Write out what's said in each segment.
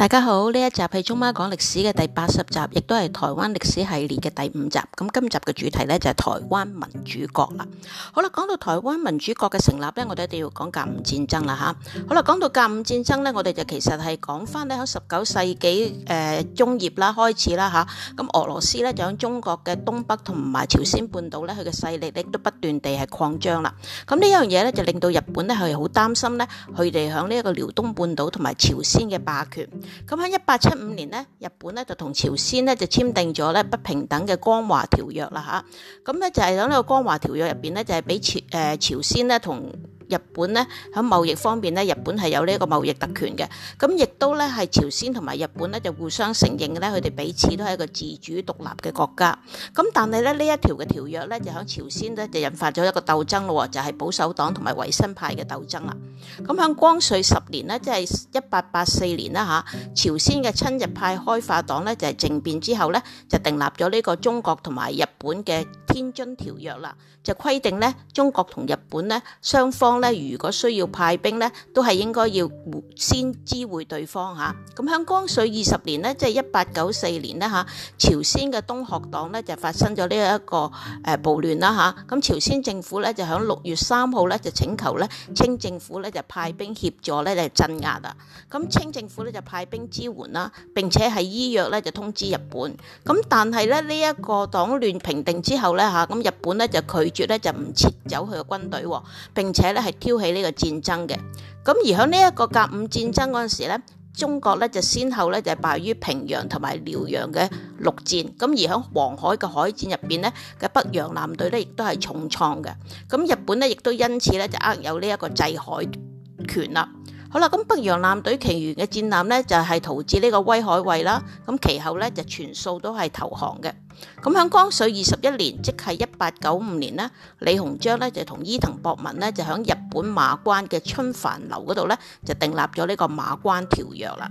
大家好，呢一集係《中貓講歷史》嘅第八十集，亦都係台灣歷史系列嘅第五集。咁今集嘅主題呢就係、是、台灣民主國啦。好啦，講到台灣民主國嘅成立呢，我哋一定要講甲午戰爭啦吓。好啦，講到甲午戰爭呢，我哋就其實係講翻呢喺十九世紀誒、呃、中葉啦開始啦吓。咁、啊、俄羅斯呢就喺中國嘅東北同埋朝鮮半島呢，佢嘅勢力亦都不斷地係擴張啦。咁呢樣嘢呢，就令到日本呢，佢係好擔心呢，佢哋響呢一個遼東半島同埋朝鮮嘅霸權。咁喺一八七五年咧，日本咧就同朝鮮咧就簽訂咗咧不平等嘅《江華條約》啦、啊、吓，咁咧就係響呢個《江華條約呢》入邊咧就係、是、俾朝誒、呃、朝鮮咧同。日本咧喺貿易方面咧，日本係有呢個貿易特權嘅，咁亦都咧係朝鮮同埋日本咧就互相承認咧，佢哋彼此都係一個自主獨立嘅國家。咁但係咧呢一條嘅條約咧就喺朝鮮咧就引發咗一個鬥爭咯，就係、是、保守黨同埋維新派嘅鬥爭啦。咁喺光緒十年呢，即係一八八四年啦嚇，朝鮮嘅親日派開化黨咧就係、是、政變之後咧就訂立咗呢個中國同埋日本嘅。天津條約啦，就規定呢中國同日本呢，雙方呢如果需要派兵呢，都係應該要先知會對方嚇。咁響光緒二十年呢，即係一八九四年呢。嚇，朝鮮嘅東學黨呢，就發生咗呢一個誒暴亂啦嚇。咁朝鮮政府呢，就響六月三號呢，就請求呢清政府呢，就派兵協助呢，嚟鎮壓啊。咁清政府呢，就派兵支援啦，並且係依約呢，就通知日本。咁但係咧呢一個黨亂平定之後咧。啦吓，咁日本咧就拒絕咧就唔撤走佢嘅軍隊，並且咧係挑起呢個戰爭嘅。咁而喺呢一個甲午戰爭嗰陣時咧，中國咧就先後咧就敗於平壤同埋遼陽嘅陸戰。咁而喺黃海嘅海戰入邊咧嘅北洋艦隊咧亦都係重創嘅。咁日本咧亦都因此咧就握有呢一個制海權啦。好啦，咁北洋艦隊其餘嘅戰艦呢，就係逃至呢個威海衛啦，咁其後呢，就全數都係投降嘅。咁響光緒二十一年，即係一八九五年呢，李鴻章呢，就同伊藤博文呢，就響日本馬關嘅春帆樓嗰度呢，就訂立咗呢個馬關條約啦。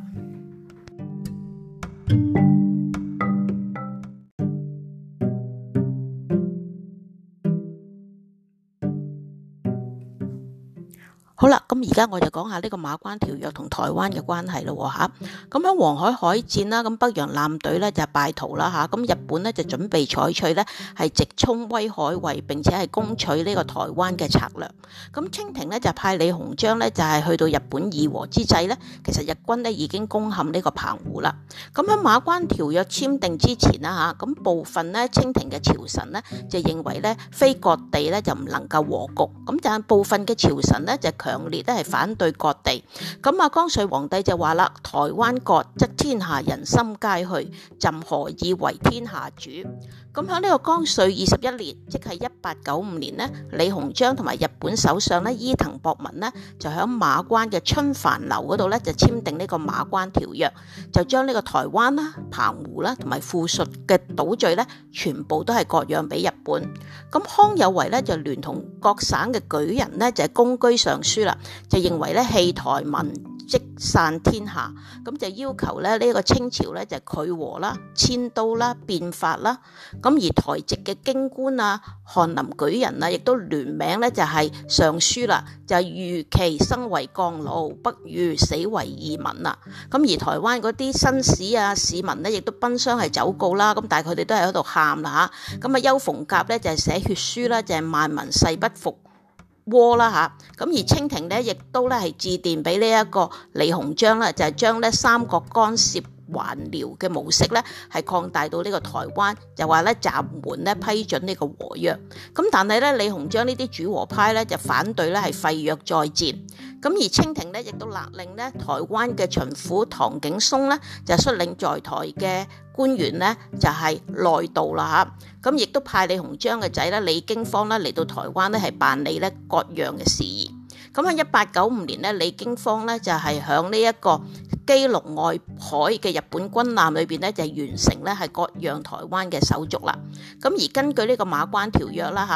而家我就講下呢個馬關條約同台灣嘅關係咯吓，咁、啊、喺黃海海戰啦，咁北洋艦隊呢就敗逃啦吓，咁、啊、日本呢就準備採取呢係直沖威海衛，並且係攻取呢個台灣嘅策略。咁清廷呢就派李鴻章呢就係、是、去到日本議和之際呢，其實日軍呢已經攻陷呢個澎湖啦。咁喺馬關條約簽訂之前啦吓，咁、啊、部分呢清廷嘅朝臣呢就認為呢，非割地呢就唔能夠和局，咁但係部分嘅朝臣呢就強烈。即係反對割地，咁阿光緒皇帝就話啦：台灣割，則天下人心皆去，朕何以為天下主？咁喺呢個光緒二十一年，即係一八九五年呢，李鴻章同埋日本首相呢，伊藤博文呢，就喺馬關嘅春帆樓嗰度咧就簽訂呢個馬關條約，就將呢個台灣啦、澎湖啦同埋附屬嘅島嶼咧全部都係割讓俾日本。咁康有為咧就聯同各省嘅舉人呢，就係公居上書啦，就認為咧棄台民。即散天下，咁就要求咧呢、這個清朝咧就佢、是、和啦，遷都啦，變法啦。咁而台籍嘅京官啊、翰林舉人啊，亦都聯名咧就係、是、上書啦，就是、如其生為降奴，不如死為義民啊。咁而台灣嗰啲紳士啊、市民呢，亦都奔相係走告啦。咁但係佢哋都係喺度喊啦嚇。咁啊，丘逢甲咧就係、是、寫血書啦，就係、是、萬民誓不服。窩啦吓，咁而清廷咧，亦都咧係致電俾呢一個李鴻章啦，就係、是、將咧三國干涉。還遼嘅模式咧，係擴大到呢個台灣，就話咧集會咧批准呢個和約。咁但係咧，李鴻章呢啲主和派咧就反對咧係廢約再戰。咁而清廷咧亦都勒令咧台灣嘅巡撫唐景崧咧就率領在台嘅官員咧就係內渡啦嚇。咁亦都派李鴻章嘅仔咧李經方咧嚟到台灣咧係辦理咧各樣嘅事宜。咁喺一八九五年咧，李經方咧就係喺呢一個基隆外海嘅日本軍艦裏邊咧，就是、完成咧係割讓台灣嘅手續啦。咁而根據呢個馬關條約啦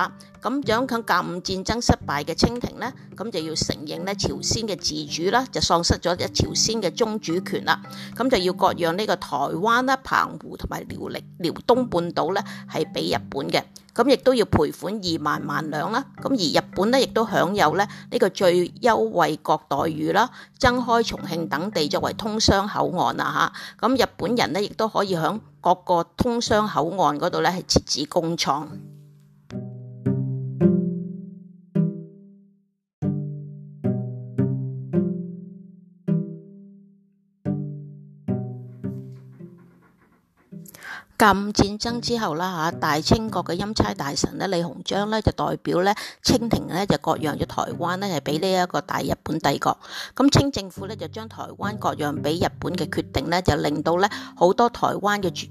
嚇，咁蔣近甲午戰爭失敗嘅清廷咧，咁就要承認咧朝鮮嘅自主啦，就喪失咗一朝鮮嘅宗主權啦。咁就要割讓呢個台灣啦、澎湖同埋遼瀋遼東半島咧，係俾日本嘅。咁亦都要賠款二萬萬兩啦，咁而日本咧亦都享有咧呢個最優惠國待遇啦，增開重慶等地作為通商口岸啊嚇，咁日本人咧亦都可以喺各個通商口岸嗰度咧係設置工廠。咁戰爭之後啦嚇，大清國嘅欽差大臣咧，李鴻章咧就代表咧，清廷咧就割讓咗台灣咧，係俾呢一個大日本帝國。咁清政府咧就將台灣割讓俾日本嘅決定咧，就令到咧好多台灣嘅住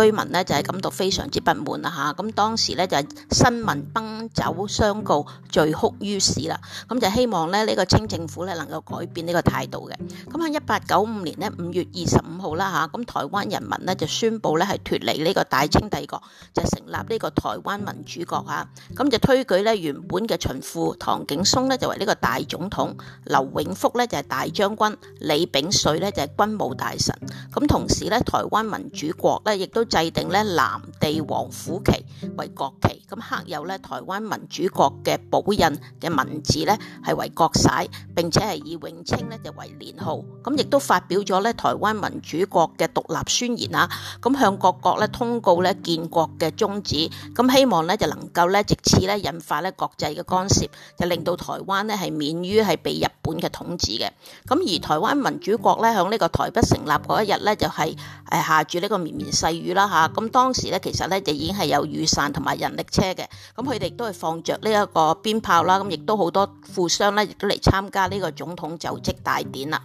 居民咧就係感到非常之不滿啦嚇。咁當時咧就新聞奔走相告，聚哭於市啦。咁就希望咧呢個清政府咧能夠改變呢個態度嘅。咁喺一八九五年呢，五月二十五號啦嚇，咁台灣人民咧就宣布咧係脫嚟呢個大清帝國就成立呢個台灣民主國嚇，咁就推舉咧原本嘅巡撫唐景崧咧就為呢個大總統，劉永福咧就係大將軍，李秉瑞咧就係軍務大臣。咁同時咧，台灣民主國咧亦都制定咧藍地黃虎旗為國旗，咁刻有咧台灣民主國嘅寶印嘅文字咧係為國璽，並且係以永清咧就為年號。咁亦都發表咗咧台灣民主國嘅獨立宣言啊，咁向各國通告咧建國嘅宗旨，咁希望咧就能夠咧藉此咧引發咧國際嘅干涉，就令到台灣咧係免於係被日本嘅統治嘅。咁而台灣民主國咧響呢個台北成立嗰一日咧就係、是、誒下住呢個綿綿細雨啦嚇，咁當時咧其實咧就已經係有雨傘同埋人力車嘅，咁佢哋都係放着呢一個鞭炮啦，咁亦都好多富商咧亦都嚟參加呢個總統就職大典啦。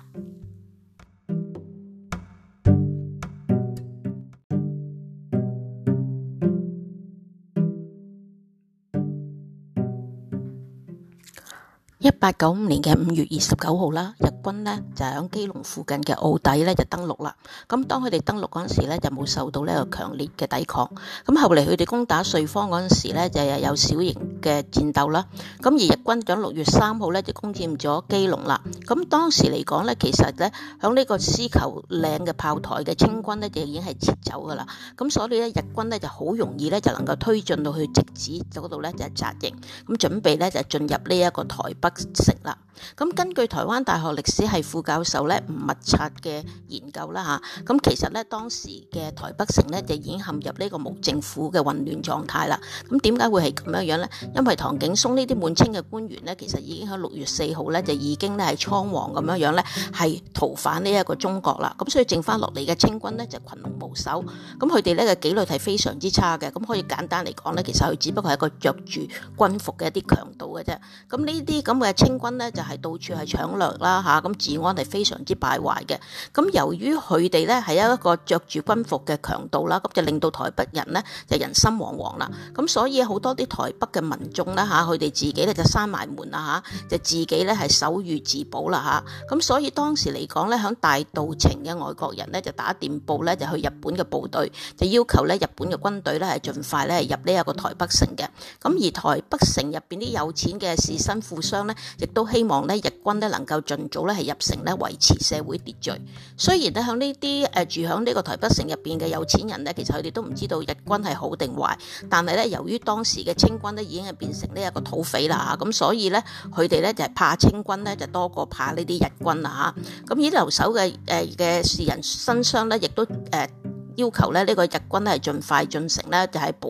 一八九五年嘅五月二十九號啦，日軍咧就喺基隆附近嘅澳底咧就登陸啦。咁當佢哋登陸嗰陣時咧，就冇受到呢個強烈嘅抵抗。咁後嚟佢哋攻打瑞芳嗰陣時呢，就有小型嘅戰鬥啦，咁而日軍喺六月三號咧就攻佔咗基隆啦。咁當時嚟講咧，其實咧響呢個獅球嶺嘅炮台嘅清軍咧就已經係撤走噶啦。咁所以咧日軍咧就好容易咧就能夠推進到去汐止嗰度咧就紮營，咁準備咧就進入呢一個台北城啦。咁根據台灣大學歷史系副教授咧吳密察嘅研究啦嚇，咁、啊、其實咧當時嘅台北城咧就已經陷入呢個無政府嘅混亂狀態啦。咁點解會係咁樣樣咧？因為唐景崧呢啲滿清嘅官員呢，其實已經喺六月四號呢，就已經咧係倉皇咁樣樣呢，係逃返呢一個中國啦。咁所以剩翻落嚟嘅清軍呢，就是、群龍無首。咁佢哋呢嘅紀律係非常之差嘅。咁可以簡單嚟講呢，其實佢只不過係一個着住軍服嘅一啲強盜嘅啫。咁呢啲咁嘅清軍呢，就係、是、到處係搶掠啦吓，咁、啊、治安係非常之敗壞嘅。咁由於佢哋呢，係一個着住軍服嘅強盜啦，咁就令到台北人呢，就人心惶惶啦。咁所以好多啲台北嘅民中啦嚇，佢哋自己咧就閂埋門啦嚇、啊，就自己咧係守禦自保啦嚇。咁、啊、所以當時嚟講咧，響大稻埕嘅外國人咧就打電報咧，就去日本嘅部隊，就要求咧日本嘅軍隊咧係儘快咧入呢一個台北城嘅。咁而台北城入邊啲有錢嘅士紳富商咧，亦都希望咧日軍咧能夠儘早咧係入城咧維持社會秩序。雖然咧響呢啲誒住響呢個台北城入邊嘅有錢人咧，其實佢哋都唔知道日軍係好定壞，但係咧由於當時嘅清軍咧已經變成呢一個土匪啦嚇，咁所以咧，佢哋咧就係、是、怕清軍咧，就多過怕呢啲日軍啦嚇。咁、啊、而留守嘅誒嘅士人身傷咧，亦都誒。呃要求咧呢個日軍咧係盡快進城咧，就係保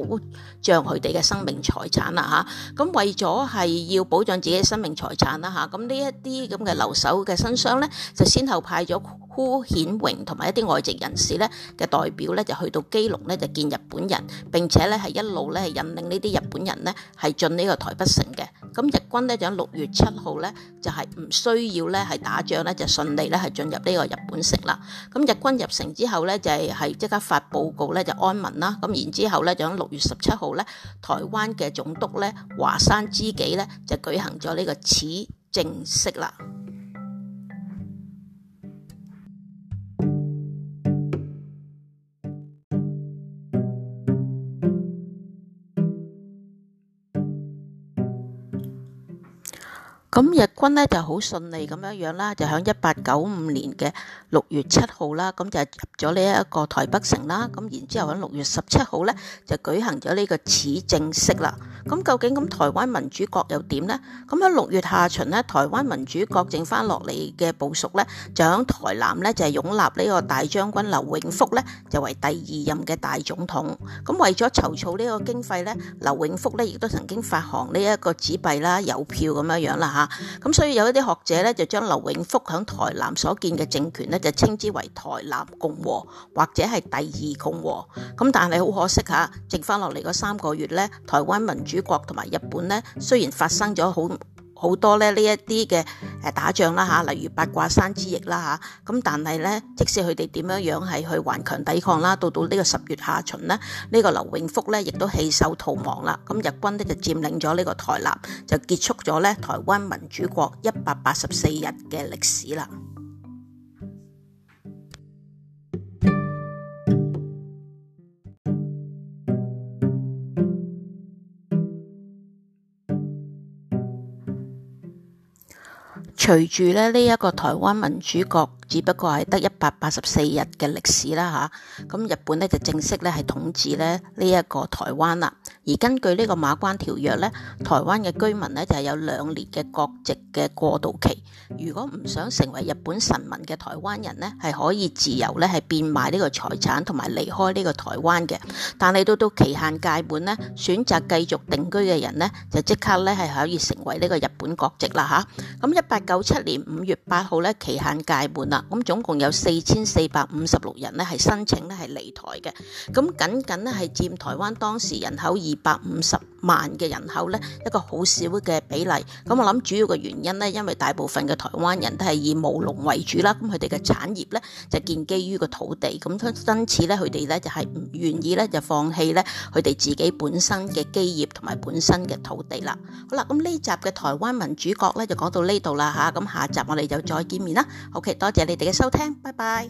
障佢哋嘅生命財產啦嚇。咁為咗係要保障自己嘅生命財產啦嚇，咁呢一啲咁嘅留守嘅紳商咧，就先後派咗辜顯榮同埋一啲外籍人士咧嘅代表咧，就去到基隆咧就見日本人，並且咧係一路咧係引領呢啲日本人咧係進呢個台北城嘅。咁日軍咧就喺六月七號咧就係唔需要咧係打仗咧就順利咧係進入呢個日本城啦。咁日軍入城之後咧就係係即刻發報告咧就安民啦。咁然之後咧就喺六月十七號咧台灣嘅總督咧樺山資紀咧就舉行咗呢個始政式啦。咁日軍咧就好順利咁樣樣啦，就喺一八九五年嘅六月七號啦，咁就入咗呢一個台北城啦，咁然之後喺六月十七號咧就舉行咗呢個始政式啦。咁究竟台灣民主國又點呢？咁喺六月下旬咧，台灣民主國剩翻落嚟嘅部屬咧，就喺台南咧就係擁立呢個大將軍劉永福呢就為第二任嘅大總統。咁為咗籌措呢個經費呢，劉永福呢，亦都曾經發行呢一個紙幣啦、郵票咁樣樣啦嚇。咁所以有一啲學者呢，就將劉永福喺台南所建嘅政權呢，就稱之為台南共和或者係第二共和。咁但係好可惜嚇，剩翻落嚟嗰三個月呢，台灣民主民主國同埋日本咧，雖然發生咗好好多咧呢一啲嘅誒打仗啦吓，例如八卦山之役啦吓，咁但係咧，即使佢哋點樣樣係去頑強抵抗啦，到到呢個十月下旬呢，呢個劉永福咧亦都棄守逃亡啦，咁日軍呢就佔領咗呢個台南，就結束咗咧台灣民主國一百八十四日嘅歷史啦。隨住咧呢一個台灣民主國，只不過係得一百八十四日嘅歷史啦吓，咁日本咧就正式咧係統治咧呢一個台灣啦。而根據呢個馬關條約呢，台灣嘅居民呢就係有兩年嘅國籍嘅過渡期。如果唔想成為日本臣民嘅台灣人呢，係可以自由呢係變賣呢個財產同埋離開呢個台灣嘅。但係到到期限屆滿呢，選擇繼續定居嘅人呢，就即刻呢係可以成為呢個日本國籍啦吓。咁一八九七年五月八號呢，期限屆滿啦。咁總共有四千四百五十六人呢係申請呢係離台嘅。咁僅僅呢係佔台灣當時人口二二百五十萬嘅人口呢，一個好少嘅比例。咁我諗主要嘅原因呢，因為大部分嘅台灣人都係以務農為主啦。咁佢哋嘅產業呢，就建基於個土地，咁因此呢，佢哋呢就係、是、唔願意呢，就放棄呢佢哋自己本身嘅基業同埋本身嘅土地啦。好啦，咁呢集嘅台灣民主角呢，就講到呢度啦吓。咁、啊、下集我哋就再見面啦。OK，多謝你哋嘅收聽，拜拜。